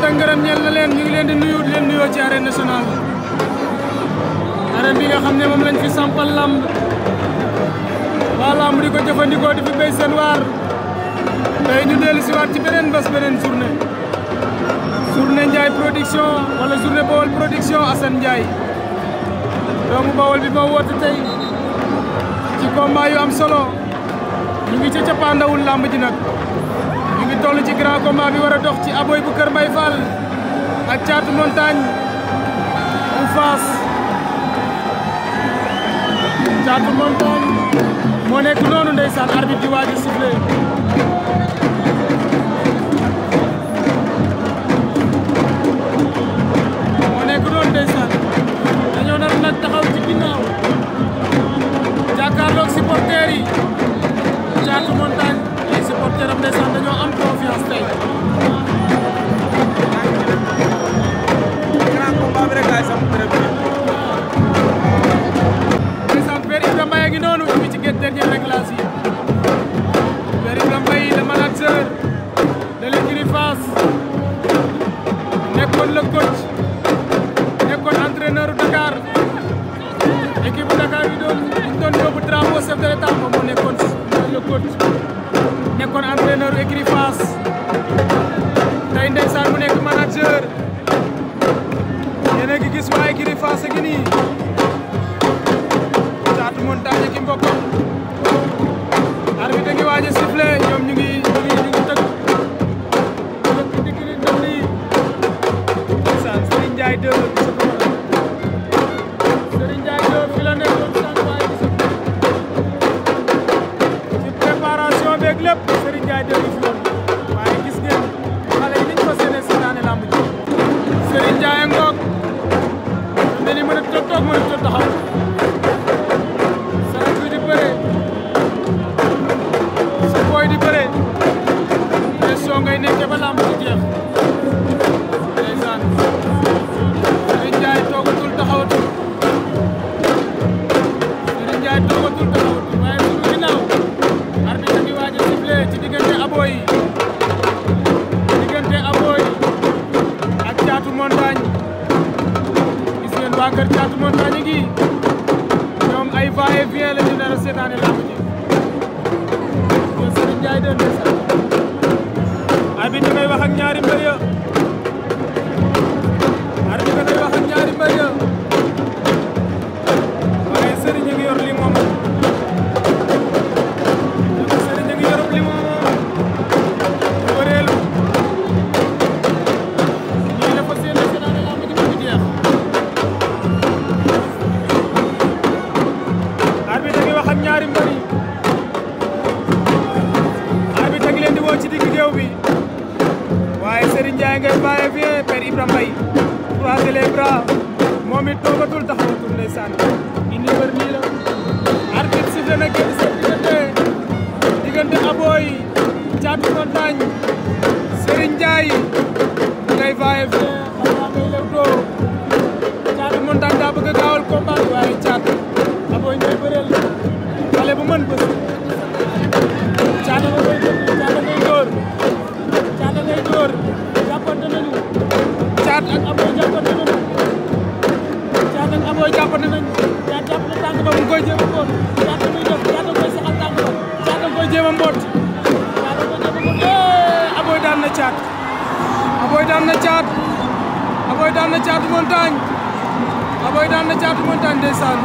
cant ak ngërëm ñeel na leen ñu ngi leen di di leen nuyoo ci arène nationale arène bi nga xam ne moom lañ fi sampal lamb di dellu si waat ci beneen bés beneen journée journée Ndiaye production wala journée Bawol production Assane Ndiaye doomu Bawol bi moo woote tey ci combat yu am solo ñu ngi ca cappaandawul lamb ji nag toll ci grand combat bi war a dox ci Aboy bu Kër Mbay Fall ak Caatu Montagne bu Faas Caatu Montagne moo nekk noonu ndeysaan arbitre di waaj a sifflé mooy ñu doon ñu doon yóbbu drapeau chef de l'état moom nekkoon le coach nekkoon entraîneur écurie Fass tey ndeysaan mu nekk manager yéen a ngi gis waa écurie Fass a ngi nii kër Caatu Montagne gi ñoom ay va et vient la ñu nar a seetaane làmb ji ñoom ñu ngay wax ak ñaari mbër géew bi waaye Serigne Ndiaye ngay bàyyi bien Père Ibrahima Mbaye croiser les bras moom it toogatul taxawatul ndeysaan une heure nii la arbitre sifflé na génn seen diggante diggante Aboy Thiatou Montagne Serigne Ndiaye ngay bàyyi bien Thiat eh, daan na Thiat Aboy daan na Thiat Aboy daan daan na Thiat Montagne ndeysaan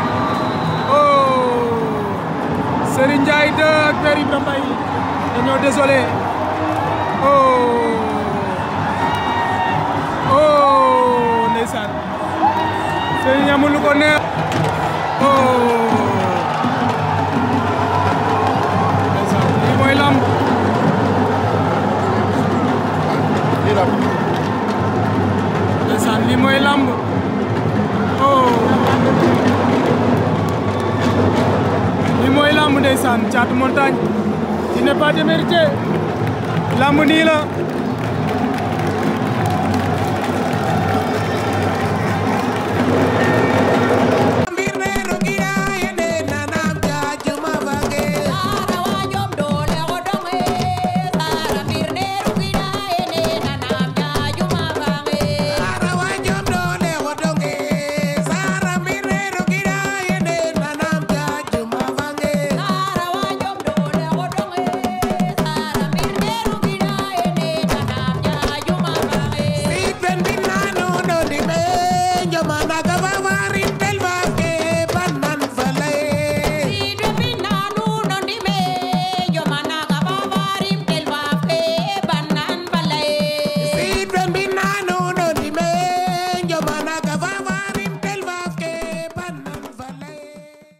oh Serigne Ndiaye 2 ak Père Ibrahima Mbaye dañoo désolé oh. oh ndeysaan Serigne amul lu ko neex oh ndeysaan lii mooy lamb ndeysaan lii mooy lamb oh lii mooy lamb ndeysaan Thiatou Montagne il n'est pas démérité lamb nii la